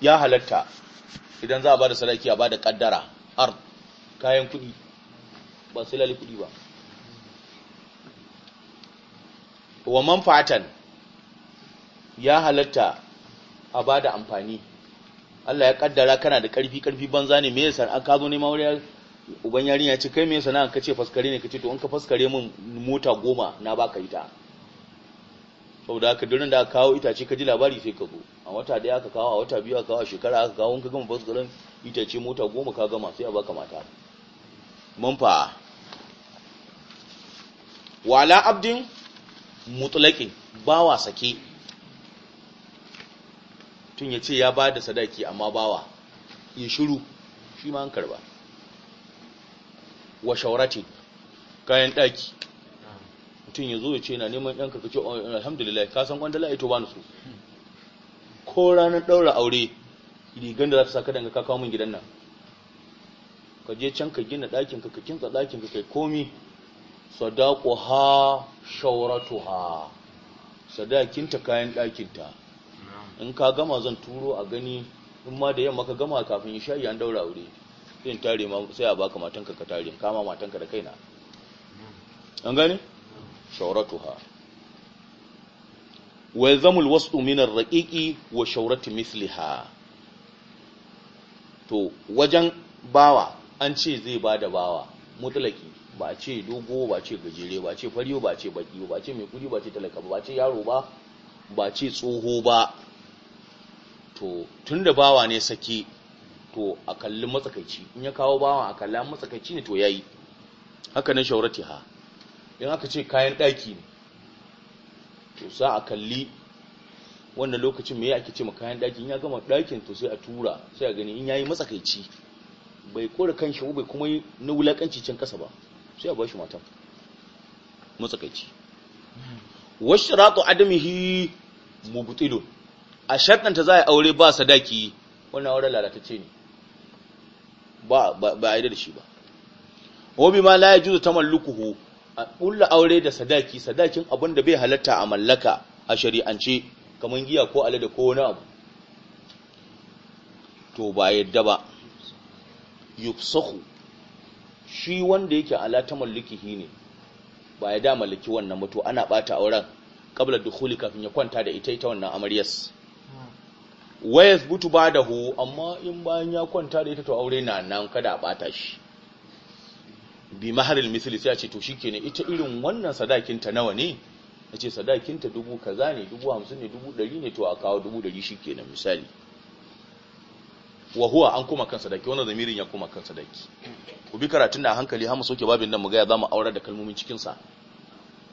ya halatta idan za a ba da sadaki a ba da kaddara ar kayan kudi ba sai lalle kudi ba wa manfa'atan ya halatta a ba da amfani Allah ya kaddara kana da karfi karfi banza ne me yasa an ka zo neman wuri uban yarinya ce kai me yasa na ka ce faskare ne ka ce to an ka faskare min mota goma na baka ita saboda haka durin da aka kawo itace ka ji labari sai ka zo a wata daya aka kawo a wata biyu aka kawo a shekara aka kawo in ka gama fasgaran itace mota goma ka gama sai a baka mata manfa wala abdin ba bawa sake tun ya ce ya ba da sadaki amma bawa ya shiru shi ma an karba wa shawarati kayan daki mutum ya zo ya ce yana neman ɗan ka ce oh, alhamdulillah ka san wanda la'ayi eh, to ba su ko ranar ɗaura aure rigan da za ta saka danga ka kawo min gidan nan ka je can ka gina ɗakin ka ka kinsa ɗakin ka kai komi sadaku ha shawaratu ha sadakinta kayan ɗakinta in ka gama zan turo a gani in ma da yamma ka gama kafin ya shayi an daura aure sai tare ma sai a baka matanka ka tare kama matanka da kaina an gane shauratuha wa yalzamul wasu minar raƙiƙi wa shauratu misliha to wajen bawa an ce zai ba da bawa mutulaki ba ce dogo ba ce gajere ba ce fariyo ba ce baki ba ce mai kudi ba ce talaka ba ce yaro ba ba ce tsoho ba to tun da bawa ne sake to a kallin matsakaici in ya kawo Bawa a kalla matsakaici ne to yayi haka nan shaurati ha in aka ce kayan ɗaki ne to sa a kalli wannan lokacin me ake ce ma kayan ɗakin ya gama ɗakin to sai a tura sai a gani in ya yi matsakaici bai kore kan shi bai kuma yi na wulaƙanci can kasa ba sai a bashi matan matsakaici washratu adamihi mubutido a shaɗanta za a aure ba sadaki wannan auren lalatacce ne ba a yi da shi ba wabi ma la ta tamallukuhu a ɓulla aure da sadaki sadakin abin da bai halatta a mallaka a shari'ance kamar giya ko alada ko wani abu to ba yadda ba yufsahu shi wanda yake alata ta ne ba ya da mallaki wannan mutu ana bata auren kabla dukhuli kafin ya kwanta da ita ita wannan amaryas wayas butu badahu amma in bayan ya kwanta da ita to aure na nan kada a bata shi bi maharil misali sai a ce to shikenan ita irin wannan sadakin ta nawa ne a ce sadakin ta dubu kaza ne dubu hamsin ne dubu ɗari ne to a kawo dubu ɗari shikenan misali wa huwa an kuma kan sadaki wannan zamirin ya kuma kan sadaki ku bi karatun da hankali har mu soke babin nan mu ga ya zamu aurar da kalmomin cikin sa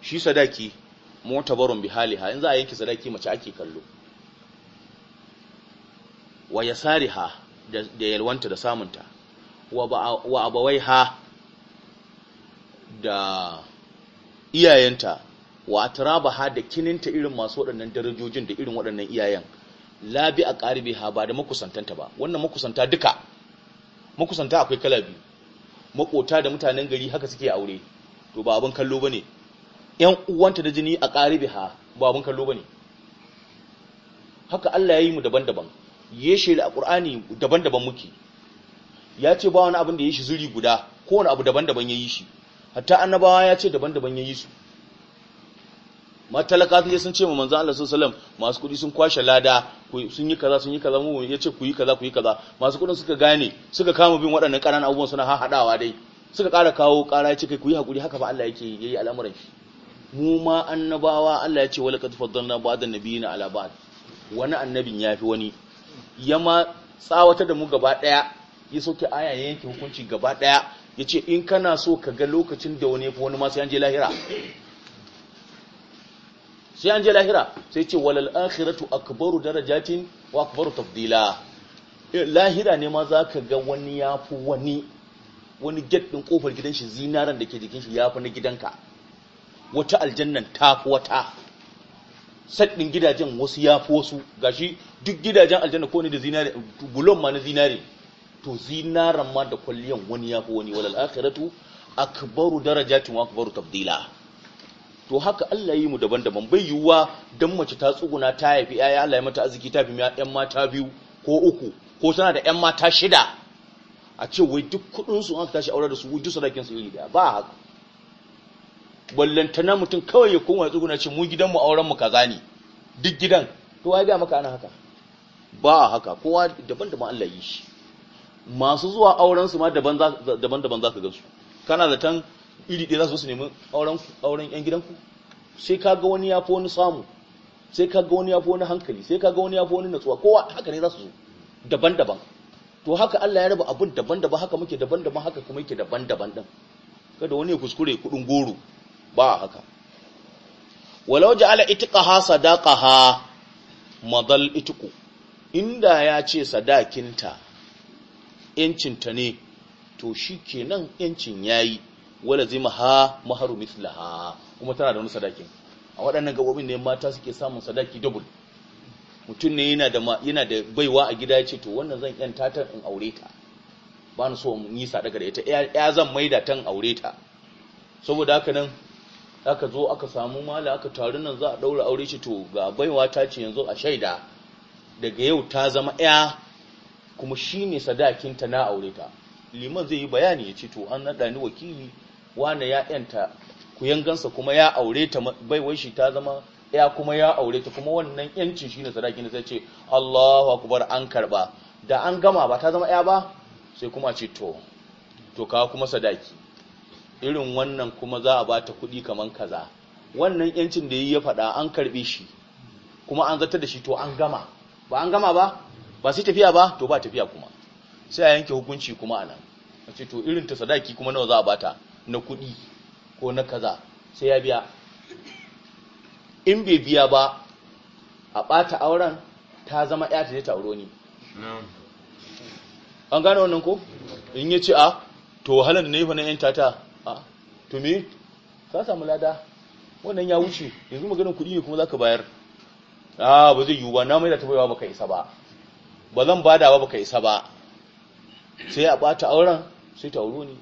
shi sadaki mutabarun bi haliha in za a yanke sadaki mace ake kallo wa yasariha da yalwanta da samunta wa abawaiha da iyayenta wa ha da kininta irin masu waɗannan darajojin da irin waɗannan iyayen labi a ƙaribi ha ba da makusantanta ba wannan makusanta duka makusanta akwai kala biyu makota da mutanen gari haka suke aure to ba abin kallo ne ‘yan uwanta da jini a ƙaribi ha ba abin kallo ba ne. haka Allah ya yi mu daban-daban ya shi da ƙur'ani daban-daban muke ya ce ba wani abin da ya shi zuri guda ko wani abu daban-daban ya yi shi hatta annabawa ya ce daban-daban ya yi su matalaka sai sun ce ma manzan Allah sallallahu alaihi wasallam masu kudi sun kwashe lada sun yi kaza sun yi kaza mu ce ku yi kaza ku yi kaza masu kudin suka gane suka kama bin waɗannan ƙananan abubuwan suna haɗawa dai suka ƙara kawo ƙara ya ce kai ku yi hakuri haka ba Allah yake yayi al'amuran shi mu ma annabawa Allah ya ce wala qad faddalna bada nabiyina ala ba'd wani annabin yafi wani yama tsawata da mu gaba daya ya soke aya yanke hukunci gaba daya ya ce in kana so ka ga lokacin da wani ya fi wani ma sai an je lahira sai yanje lahira sai ce walal akhiratu akbaru darajatin wa akbaru tafdila eh, lahira ne ma za ka ga wani ya wani wani get ɗin ƙofar gidan shi zinaran da ke jikin shi ya fi na gidanka wata aljannan ta fi wata saɗin gidajen wasu ya fi wasu gashi duk gidajen aljanna ko ne da zinare bulon ma na zinare to zinaran ma da kwalliyan wani ya fi wani walal akhiratu akbaru darajatin wa akbaru tabdila to haka Allah yi mu daban-daban bai yiwuwa dan mace ta tsuguna ta haifi yaya Allah ya mata arziki ta fi 'yan mata biyu ko uku ko tana da 'yan mata shida a ce wai duk kudin su aka tashi aure da su duk sadakin su yi da ba haka ballantana mutum kawai ya koma ya tsuguna ce mu gidan mu auren mu kaza ne duk gidan to ai ga maka ana haka ba haka kowa daban-daban Allah yi shi masu zuwa auren su ma daban-daban za ka gansu kana da tan iri ɗaya za su su nemi auren 'yan gidanku sai ka ga wani ya fi wani samu sai ka ga wani ya fi wani hankali sai ka ga wani ya fi wani natsuwa kowa haka ne za su zo daban-daban to haka Allah ya raba abun daban-daban haka muke daban-daban haka kuma yake daban-daban din kada wani ya kuskure kudin goro ba haka walau ja'ala itqaha sadaqaha madal itqu inda ya ce sadakinta yancinta ne to shi kenan yancin yayi wala zima ha maharu ha kuma tana da wani sadaki. a waɗannan gabobin ne mata suke samun sadaki dubul, mutum ne yana da baiwa a gida ce to wannan zan yanta ta in aure ta ba na so in yi sadaka da ita ya zan maida ta in aure ta saboda haka nan aka zo aka samu mala aka taru nan za a daura aure shi to ga baiwa ta ce yanzu a shaida daga yau ta zama ya kuma shine sadakinta na aureta. liman zai yi bayani ya ce to an nada ni wakili wane ya yanta ku yangansa kuma ya aure ta baiwar shi ta zama ya kuma ya aure ta kuma wannan yancin shine sadakin sai ce Allahu akbar an karba da an gama ba ta zama ya ba sai kuma ce to to ka kuma sadaki irin wannan kuma za a ba ta kuɗi kaman kaza wannan yancin da yi ya faɗa an karbe shi kuma an zata da shi to an gama ba an gama ba ba sai tafiya ba to ba tafiya kuma sai a yanke hukunci kuma a nan a ce to irin ta sadaki kuma nawa za a bata na kuɗi ko na kaza sai ya biya in bai biya ba a ɓata auren ta zama ya ta ta auro ni an gane wannan ko in ya ce a ah, to wahalar da na yi fa na yanta ta a ah, to me ka samu lada wannan ya wuce yanzu maganin kuɗi ne kuma za ka bayar a ah, ba zai yiwu ba na mai da ta bayawa baka isa ba ba zan bada ba baka isa ba sai a bata auren sai ta auro ni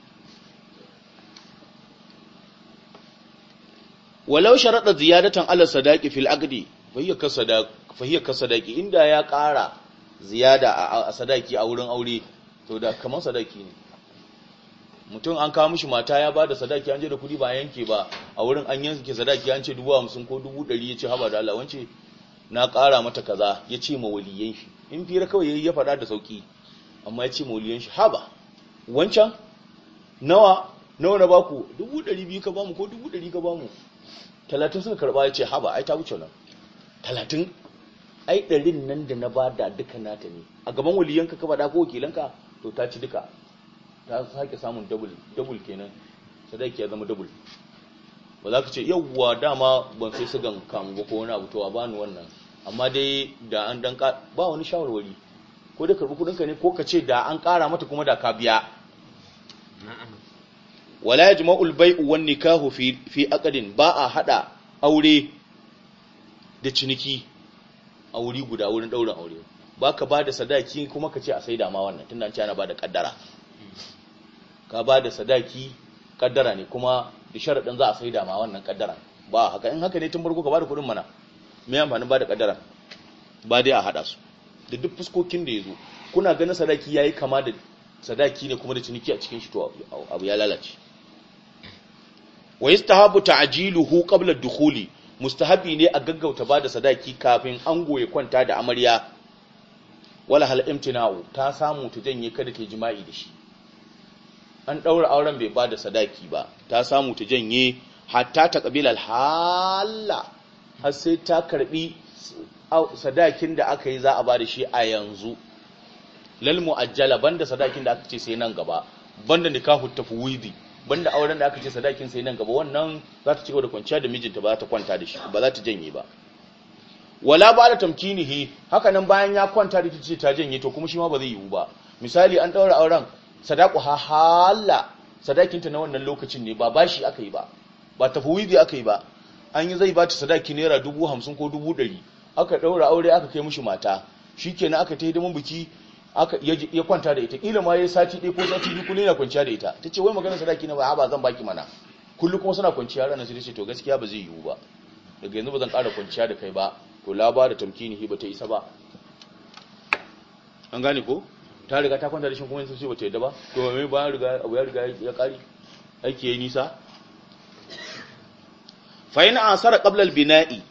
walau sharada ziyadatan ala sadaqi fil aqdi fahiya ka sadaqi inda ya ƙara ziyada a sadaqi a wurin aure to da kamar sadaqi ne mutum an kawo mishi mata ya bada sadaqi an je da kudi ba yanke ba a wurin an yanke sadaqi an ce dubu hamsin ko dubu 100 yace haba da Allah wance na ƙara mata kaza yace ma waliyan shi in fira kawai yayi ya faɗa da sauki amma ya ce mauliyan shi haba wancan nawa nawa na baku dubu ɗari biyu ka bamu ko dubu ɗari ka bamu talatin suka karɓa ya ce haba ai ta wuce nan talatin ai ɗarin nan da na bada duka nata ne a gaban waliyanka ka faɗa ko wakilanka to ta ci duka ta sake samun double kenan sadaki ya zama double ba za ka ce yawwa dama ban sai sugan kamu ba ko wani abu to a bani wannan amma dai da an dan ba wani shawarwari ko da karbi kudinka ne ko ka ce da an ƙara mata kuma da ka biya wala yajma'ul bai'u wan nikahu fi fi aqdin ba a hada aure da ciniki a wuri guda wurin daurin aure ba ka ba da sadaki kuma ka ce a saida ma wannan tunda an ce ana ba da kaddara ka ba da sadaki kaddara ne kuma da sharadin za a saida ma wannan kaddara ba haka in haka ne tun barko ka ba da kudin mana Mai amfanin ba da kadara ba dai a hada su da duk fuskokin da ya zo kuna ganin sadaki ya yi kama da sadaki ne kuma da ciniki a cikin shi to abu ya lalace wa yastahabu ta'jiluhu qabla dukhuli mustahabi ne a gaggauta ba da sadaki kafin an goye kwanta da amarya wala hal imtina'u ta samu ta janye kada ta jima'i da shi an daura auren bai ba da sadaki ba ta samu ta janye hatta ta qabila al-halla har sai ta karbi sadakin da aka yi za a ba da shi a yanzu lalmu ajala, banda sadakin da aka ce sai nan gaba banda nikahu tafwidi banda auren da aka ce sadakin sai nan gaba wannan za ta cigaba da kwanciya da mijinta ba za ta kwanta da shi ba za ta janye ba wala ba da tamkinihi haka nan bayan ya kwanta da ce ta janye to kuma shi ma ba zai yiwu ba misali an daura auren sadaku ha hala sadakinta na wannan lokacin ne ba bashi aka yi ba ba tafwidi aka yi ba an yi zai ba ta sadaki naira dubu hamsin ko dubu ɗari aka ɗaura aure aka kai mishi mata shi kenan aka ta hidimin biki ya kwanta da ita ƙila ma ya yi sati ɗaya ko sati biyu kullum yana kwanciya da ita ta ce wai magana sadaki na ba ba zan baki mana kullum kuma suna kwanciya ranar sai ce to gaskiya ba zai yiwu ba daga yanzu ba zan ƙara kwanciya da kai ba to laba da tamkini ba ta isa ba an gane ko ta riga ta kwanta da shi kuma yanzu sai ba ta yadda ba to me ba riga abu ya riga ya ƙari aiki yi nisa fa an sara ƙablar binai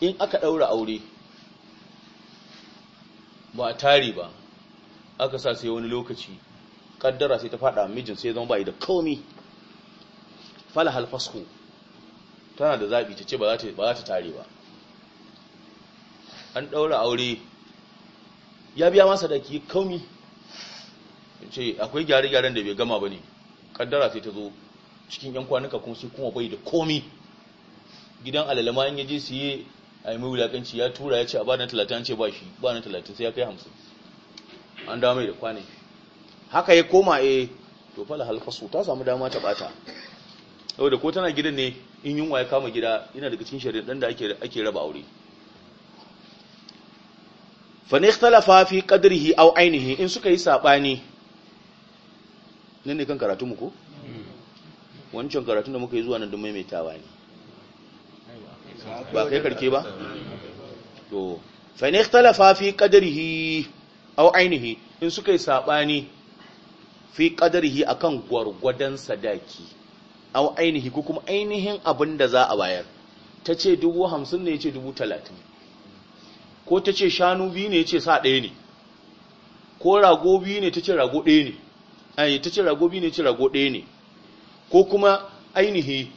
in aka ɗaura aure ba tare ba aka sa sai wani lokaci kaddara sai ta fada mijin sai zama bai da komi fala hal tana da zabi ta ba za ta ba za ta tare ba an daura aure ya biya masa da ki komi ce akwai gyare-gyaren da bai gama ba ne ƙaddara sai ta zo cikin yan kwanuka kuma sai kuma bai da komi gidan alalama in yaje yi a yi mai wulakanci ya tura ya ce a bana talatin an ce ba shi bana talatin sai ya kai hamsin an dawo mai da kwanin haka ya koma eh to fala halfasu ta samu dama ta bata saboda ko tana gidan ne in yunwa ya kama gida yana daga cikin shari'ar da ake ake raba aure fa ne ikhtalafa fi qadrihi aw ainihi in suka yi sabani nan ne kan karatu mu ko hmm. wancan karatun da muka yi zuwa nan da maimaitawa ne ba kai karke ba to fa ne ikhtalafa fi qadrihi aw ainihi in suka yi sabani fi qadrihi akan gurgudan sadaki aw ainihi ko kuma ainihin abin da za a bayar ta ce dubu hamsin ne ya ce dubu talatin ko ta ce shanu biyu ne ya ce sa ɗaya ne ko rago biyu ne ta ce rago ɗaya ne ai ta ce rago biyu ne ya ce rago ɗaya ne ko kuma ainihi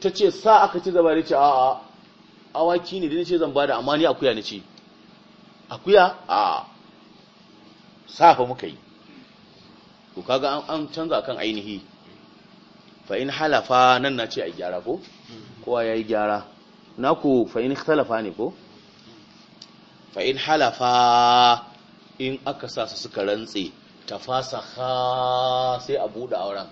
ta ce sa aka ci zaba da ce a'a awaki ne da ce zan da amma ni akuya na ce akuya a safa muka yi ko kaga an canza kan ainihi fa in halafa nan na ce a gyara ko kowa ya yi gyara na ku fa in talafa ne ko fa in halafa in aka sa su suka rantse ta fasa sai a buɗe auren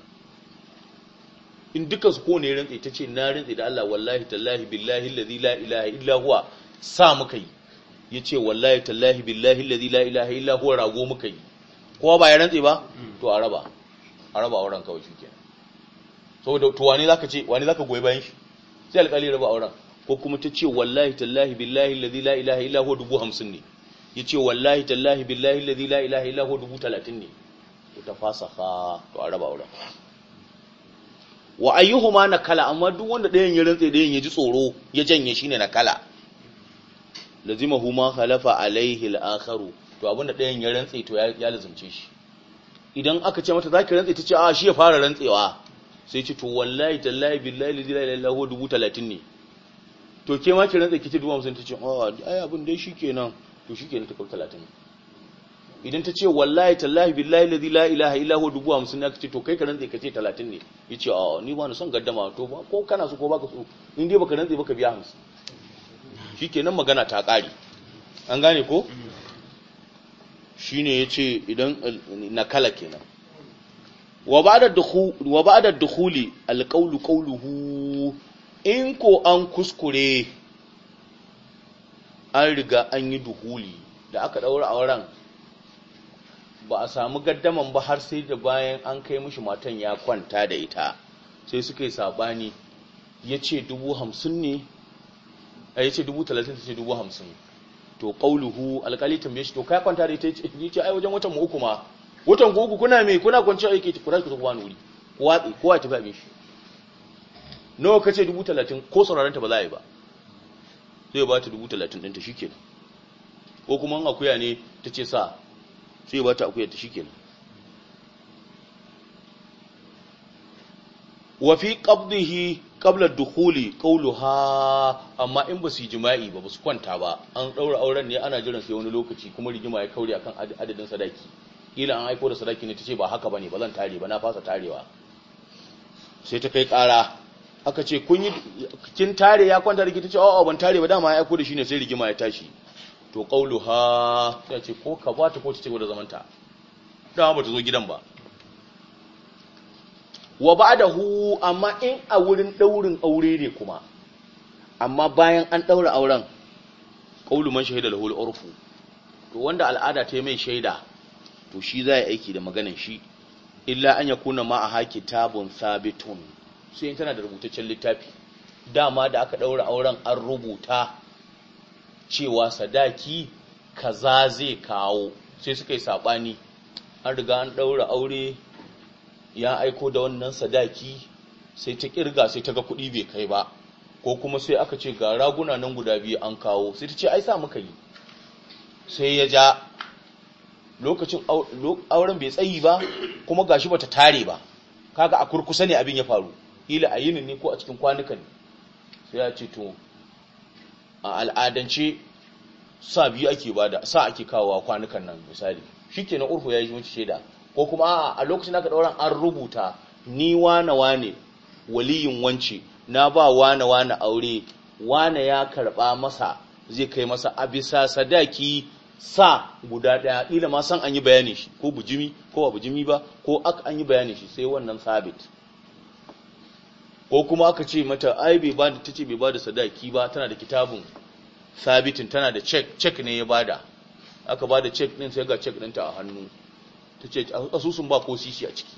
in dukan su kowane ya rantsi ta ce na rantsi da Allah wallahi tallahi billahi allazi la ilaha illa huwa sa muka yi Ya ce wallahi tallahi billahi allazi la ilaha illa huwa rago muka yi kowa ba ya rantsi ba mm. to a raba a raba auren kawai shikenan saboda to wani zaka ce wani zaka goyi bayan shi sai alƙali raba auren ko kuma ta ce wallahi tallahi billahi allazi la ilaha illa huwa dubu hamsin ne Ya ce wallahi tallahi billahi allazi la ilaha illa huwa dubu talatin ne to ta ka, to a raba auren wa ayyuhuma nakala amma duk wanda ɗayan ya rantse ɗayan ya ji tsoro ya janye shine nakala lazima huma khalafa alaihi al-akharu to abinda ɗayan ya rantse to ya lazumce shi idan aka ce mata zaki rantse ta ce a ah, shi ya fara rantsewa sai ce to wallahi tallahi billahi la ilaha illallah dubu talatin ne to ke ma ki rantse ki ce dubu hamsin ta a ah, ai abin dai shikenan to shikenan ta kawo talatin idan ta ce wallahi tallahi billahi ladhi la ilaha illa huwa dubu hamsin ne kace to kai ka rantsa kace 30 talatin ne ya ce a ni ba na son gaddama to ba ko kana so ko baka so in dai baka rantsa baka biya hamsin shikenan magana ta kare an gane ko shine yace idan nakala kenan wa ba'da dukhul wa ba'da dukhuli alqawlu qawluhu in ko an kuskure an riga an yi duhuli da aka daura auren ba a samu gaddaman ba har sai da bayan an kai mishi matan ya kwanta da ita sai suka yi sabani ya ce dubu hamsin ne a ya ce dubu talatin ta ce dubu hamsin to ƙauluhu alƙali tambaye shi to kai kwanta da ita ya ce ai wajen watan mu uku ma watan ku uku kuna mai kuna kwanciya aiki ku kura ku tafi wani wuri ku watsi kowa tafi abin shi nawa kace dubu talatin ko sauraron ta ba za a yi ba zai ba ta dubu talatin ɗinta shi kenan ko kuma an akuya ne ta ce sa sai ba ta akuyar ta kenan wa fi qabdihi qabla dukhuli qawluha amma in ba su yi jima'i ba ba su kwanta ba an daura auren ne ana jiran sai wani lokaci kuma rigima ya kaure akan adadin sadaki kila an aiko da sadaki ne tace ba haka bane ba zan tare ba na fasa tarewa sai ta kai kara aka ce kun yi kin tare ya kwanta da ta tace a'a ban tare ba dama ya aiko da shi ne sai rigima ya tashi to qauluha sai ce ko ka ba ta ko ta ce da zamanta dama ba ta zo gidan ba wa ba'dahu amma in a wurin ɗaurin aure ne kuma amma bayan an ɗaura auren qaulu man shahida lahul urfu to wanda al'ada ta mai shaida to shi za yi aiki da maganin shi illa an ya yakuna ma a haki tabun sabitun sai tana da rubutaccen littafi dama da aka ɗaura auren an rubuta cewa sadaki kaza zai kawo sai suka yi saɓani an riga an ɗaura aure ya aiko da wannan sadaki sai ta ƙirga sai ta ga kuɗi bai kai ba ko kuma sai aka ce ga raguna nan guda biyu an kawo sai ta ce ai sa muka yi sai ya ja lokacin auren bai tsayi ba kuma gashi bata tare ba kaga a kurkusa ne abin ya faru ila a yinin ne ko a cikin kwanukan sai ya ce to a al'adance sa biyu ake bada sa ake kawowa kwanukan nan misali shi na urhu ya yi mace shaida ko kuma a lokacin aka ɗauran an rubuta ni wane wane waliyin wance na ba wane wane aure wane ya karɓa masa zai kai masa a bisa sadaki sa guda ɗaya ƙila ma san an yi bayani shi ko bujimi ko ba bujimi ba ko aka an yi bayani shi sai wannan sabit ko kuma aka ce mata ai bai bada ce bai bada sadaki ba tana da kitabun sabitin tana da check check ne ya bada aka bada check din sai ga check ɗinta a hannu ce asusun ba ko sisi a ciki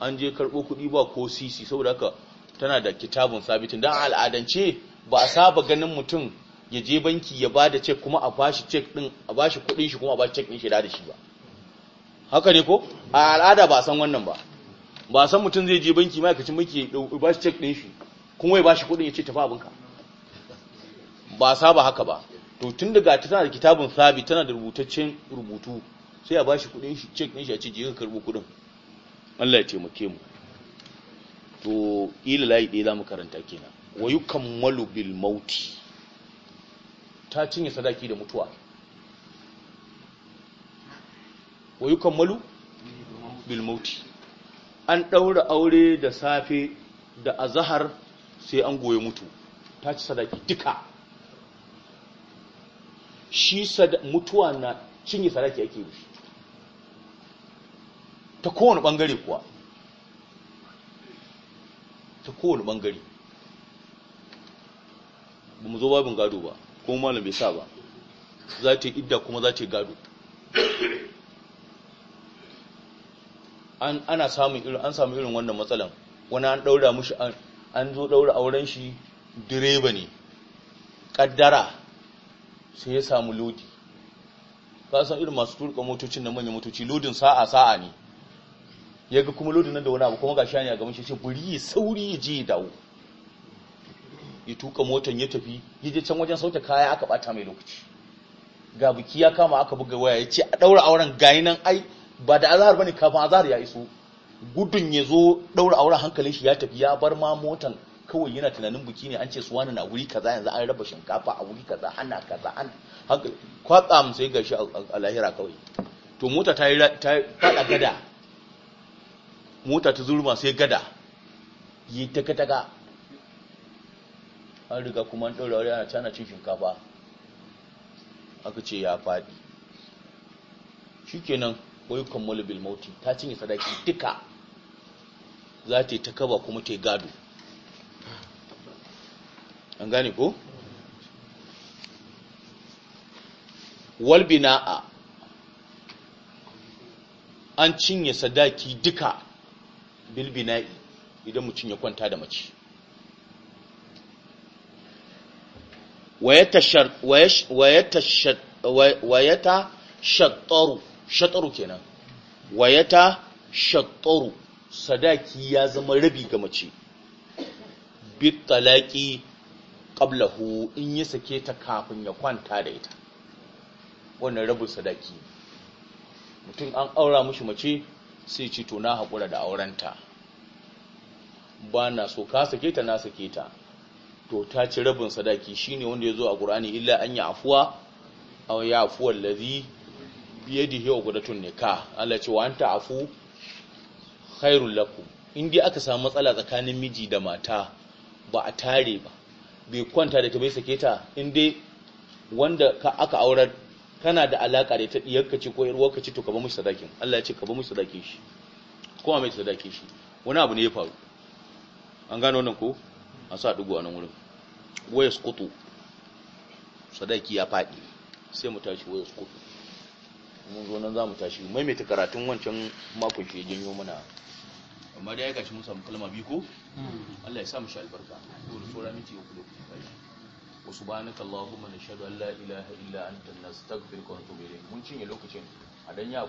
an je karɓo kuɗi ba ko sisi saboda haka tana da kitabun sabitin dan al'adance ba a saba ganin mutum ya je banki ya bada check kuma a bashi check din a bashi kuɗin shi kuma a bashi check din shi da shi ba haka ne ko a al'ada ba san wannan ba ba san mutum zai je banki ma'aikacin banki ya ba shi cek ɗin shi kuma ya ba shi kuɗin ya ce tafi abinka ba saba haka ba to tun daga ta tana da kitabun sabi tana da rubutaccen rubutu sai ya ba shi kuɗin shi cek ɗin shi a ce je ka karɓo kuɗin Allah ya taimake mu to ila layi ɗaya za mu karanta kenan wa yukammalu bil mauti ta cinye sadaki da mutuwa wa malu bil mauti an ɗaura aure da safe da azahar sai an goye mutu ta ci sadaki duka shi mutuwa na cinye sadaki ake yi ta kowane ɓangare kuwa ta kowane ɓangare ba mu zo babin gado ba kuma malam bai sa ba za ta yi idda kuma za ta yi gado an ana samun irin samu irin wannan matsalan wani an daura mushi an zo daura auren shi direba ne kaddara sai ya samu lodi ka san irin masu turka motocin da manyan motoci lodin sa'a sa'a ne ya ga kuma lodin nan da wani abu kuma gashi ne a gaban shi ce buri ya sauri ya je ya dawo ya tuka motan ya tafi ya je can wajen sauta kaya aka bata mai lokaci ga biki ya kama aka buga waya ya ce a daura auren gayi ai ba da azahar bane kafin azahar ya iso gudun ya zo daura auren hankalin shi ya tafi ya bar ma motan kawai yana tunanin buki ne an ce su wani na wuri kaza yanzu an raba shinkafa a wuri kaza ana kaza an hankali kwatsa mu sai gashi a lahira kawai to mota ta yi ta fada gada mota ta zurma sai gada yi taka-taka an riga kuma an ɗaura wuri ana cana cin shinkafa aka ce ya faɗi shikenan wa yukammalu mauti ta cinye sadaki duka za ta yi ta kaba kuma ta yi gado an gane ko walbina'a an cinye sadaki duka bilbina'i idan mu cinye kwanta da mace ta shattaru shataru kenan wayata shataru sadaki ya zama rabi ga mace bit talaqi qablahu in ya sake ta kafin ya kwanta da ita wannan rabin sadaki mutum an aura mishi mace sai ci to na hakura da aurenta ba na so ka sake ta na sake ta to ta ci rabin sadaki shine wanda ya zo a ƙur'ani illa an yi afuwa aw ya afuwa allazi biyadihi uqdatun ka Allah ce wa anta afu khairul lakum indai aka samu matsala tsakanin miji da mata ba a tare ba bai kwanta da ta bai sake ta indai wanda ka aka aurar kana da alaka da ta diyarka ce ko yarwarka ce to ka ba mu sadakin Allah ya ce ka ba mu sadakin shi kuma mai sadakin shi wani abu ne ya faru an gano wannan ko a sa dugo a nan wurin waya kutu sadaki ya faɗi sai mu tashi waya kutu mun zo nan za mu tashi maimaita karatun wancan makon ya janyo mana amma da ya gashi mun samu kalma biyu ko Allah ya sa mu shi albarka dole da sura miti ya kulo wa subhanaka allahumma nashhadu an la ilaha illa anta nastaghfiruka wa natubu ilayk mun cinye lokacin a dan